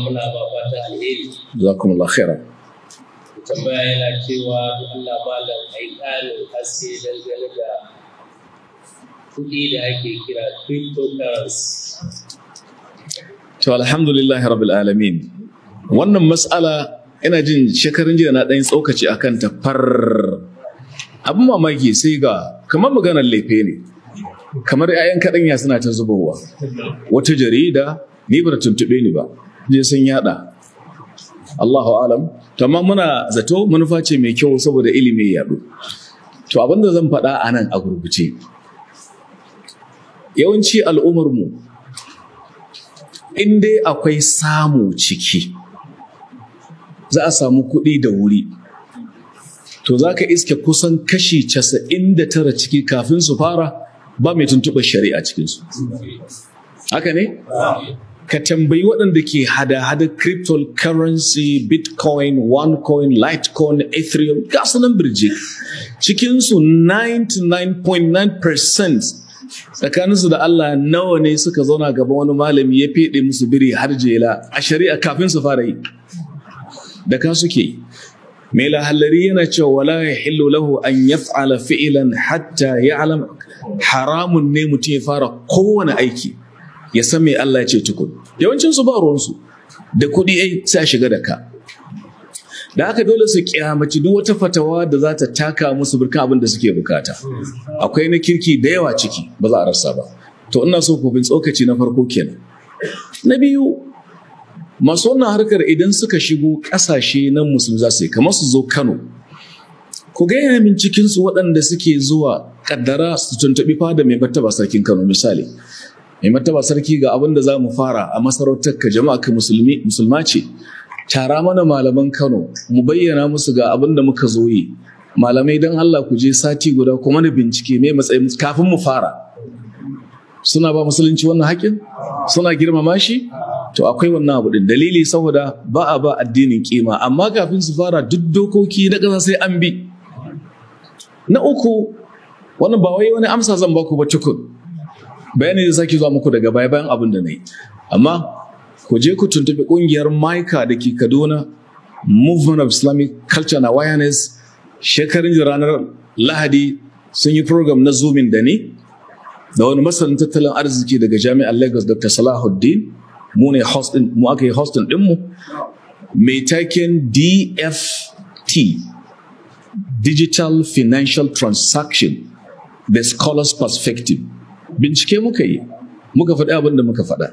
muna ba fata alheri jazakumullahu khairan tambaya yana cewa Allah malam ai ƙarin haske dangane da kuɗi da ake kira cryptocurrency to alhamdulillahi rabbil alamin wannan mas'ala ina jin shekarun jiya na ɗan tsokaci a kan tafar abin mamaki sai ga kamar maganar laife ne kamar 'ya'yan kaɗanya suna ta zubowa wata jarida ni ba tuntuɓe ni ba je sun yada Allahu alam amma muna zato manufa ce mai kyau saboda ilimi ya yadu to abinda zan faɗa a nan a gurguje yawanci mu, in dai akwai samu ciki za a samu kuɗi da wuri to za ka iske kusan kashi casa'in da tara ciki kafin su fara ba mai tuntuɓar shari'a cikinsu haka ne? ka tambayi waɗanda ke hada-hada cryptocurrency bitcoin onecoin litecoin ethereum gasu nan birjik cikinsu 99.9% tsakaninsu da Allah nawa ne suka zauna gaba wani malami ya feɗe musu biri har jela a shari'a kafin su fara yi da ka suke mai lahallari yana cewa wala ya hillo lahu an yaf'ala fi'ilan hatta ya alama haramun ne mutum ya fara kowane aiki ya san me Allah ya ce tukun yawancin su ba ruwansu da kuɗi ai sai a shiga da ka da aka dole su kyamaci duk wata fatawa da za ta taka musu birkan abin da suke bukata akwai na kirki da yawa ciki ba za a rasa ba to ina so ku bin tsokaci na farko kenan na biyu masu wannan harkar idan suka shigo ƙasashe na musulmi za su yi kamar su zo kano ku gaya min cikin su waɗanda suke zuwa kaddara su tuntuɓi fada mai batta ba sarkin kano misali mai mataba sarki ga abin da za mu fara a masarautar ka jama'a ka musulmi musulma ce tara mana malaman kano mu bayyana musu ga abin da muka zo yi malamai don allah ku je sati guda kuma mana bincike mai matsayin kafin mu fara suna ba musulunci wannan haƙin suna girmama shi to akwai wannan abu din dalili saboda ba a ba addinin kima amma kafin su fara duk dokoki na ƙasa sai an bi na uku wannan ba wai wani amsa zan ba ku ba tukun bayanin da sake zuwa muku daga baya bayan abin da na yi amma ku je ku tuntuɓi ƙungiyar maika da ke kaduna movement of islamic culture and awareness shekarun ranar lahadi sun yi program na zoomin da ni da wani masanin tattalin arziki daga jami'ar lagos dr salahuddin mu ne mu aka yi hostin ɗinmu mai taken dft digital financial transaction the scholar's perspective bincike muka yi muka faɗi abin da muka faɗa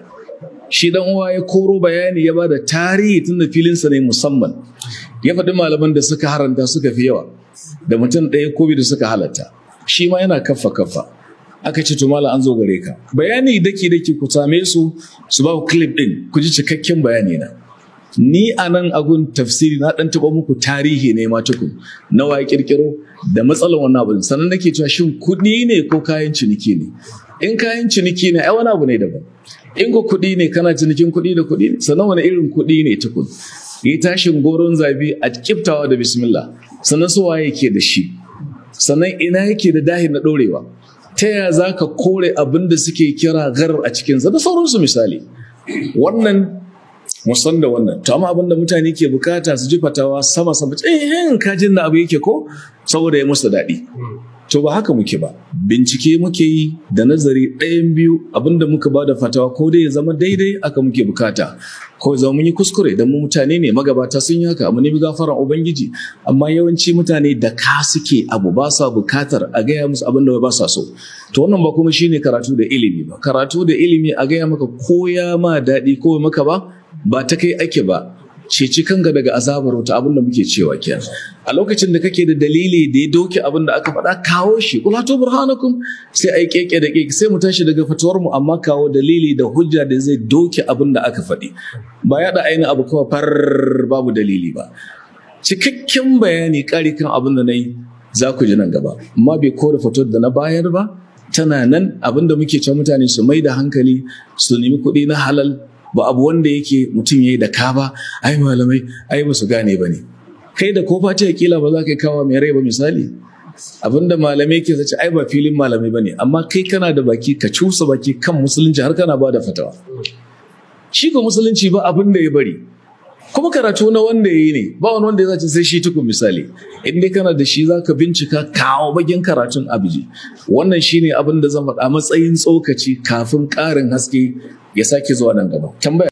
shi dan uwa ya koro bayani ya bada tarihi tun da filinsa ne musamman ya faɗi malaman da suka haranta suka fi yawa da mutum ɗaya ko biyu da suka halatta shi ma yana kaffa kaffa aka ce tumala an zo gare ka bayani daki daki ku same su su ba ku clip din ku ji cikakken bayani na ni a nan agun tafsiri na ɗan taɓa muku tarihi ne ma tukun nawa ya ƙirƙiro da matsalar wani abu sannan nake cewa shin kuɗi ne ko kayan ciniki ne in kayan ciniki ne ai wani abu ne daban in ko kuɗi ne kana cinikin kuɗi da kuɗi ne sannan wani irin kuɗi ne tukun yi tashin goron zabi a kiftawa da bismillah sannan su waye ke da shi sannan ina yake da dahi na ɗorewa ta yaya za ka kore abin da suke kira garar a cikinsa da sauransu misali wannan musan da wannan to amma abinda mutane ke bukata su ji fatawa sama sama eh, eh jin na abu yake ko saboda ya musu daɗi to ba haka muke ba bincike muke yi da nazari ɗayan biyu abinda muka ba da fatawa ko dai ya zama daidai aka muke bukata ko zama mun yi kuskure don mu mutane ne magabata sun yi haka Mun nemi gafaran ubangiji amma yawanci mutane da ka suke abu ba sa bukatar a gaya musu abin da ba sa so to wannan ba kuma shine karatu da ilimi ba karatu da ilimi a gaya maka koya ma daɗi ko maka ba ba ta kai ake ba ceci kanka daga azabar wata abin da muke cewa kenan a lokacin da kake da dalili da ya doke abin da aka faɗa kawo shi kula to burhanakum sai yi keke da keke sai mu tashi daga fatuwar mu amma kawo dalili da hujja da zai doke abin da aka faɗi ba ya da aini abu kuma far babu dalili ba cikakken bayani ƙari kan abin da na yi za ku ji nan gaba amma bai kore fatuwar da na bayar ba tana nan abin da muke ce mutane su mai da hankali su nemi kuɗi na halal ba abu wanda yake mutum ya yi da ka ba ai malamai ai ba su gane ba ne kai da kofa fatiha kila ba za ka kawo mai rai ba misali abinda malamai ke zace ai ba filin malamai bane amma kai kana da baki ka cusa baki kan musulunci har kana ba da fatawa shi ko musulunci ba abin da ya bari kuma karatu na wanda ya yi ne ba wani wanda ya zace sai shi tukun misali in dai kana da shi za ka bincika kawo bagin karatun abiji wannan shine abin da zan faɗa matsayin tsokaci kafin ƙarin haske ya sake zuwa nan gaba tambaya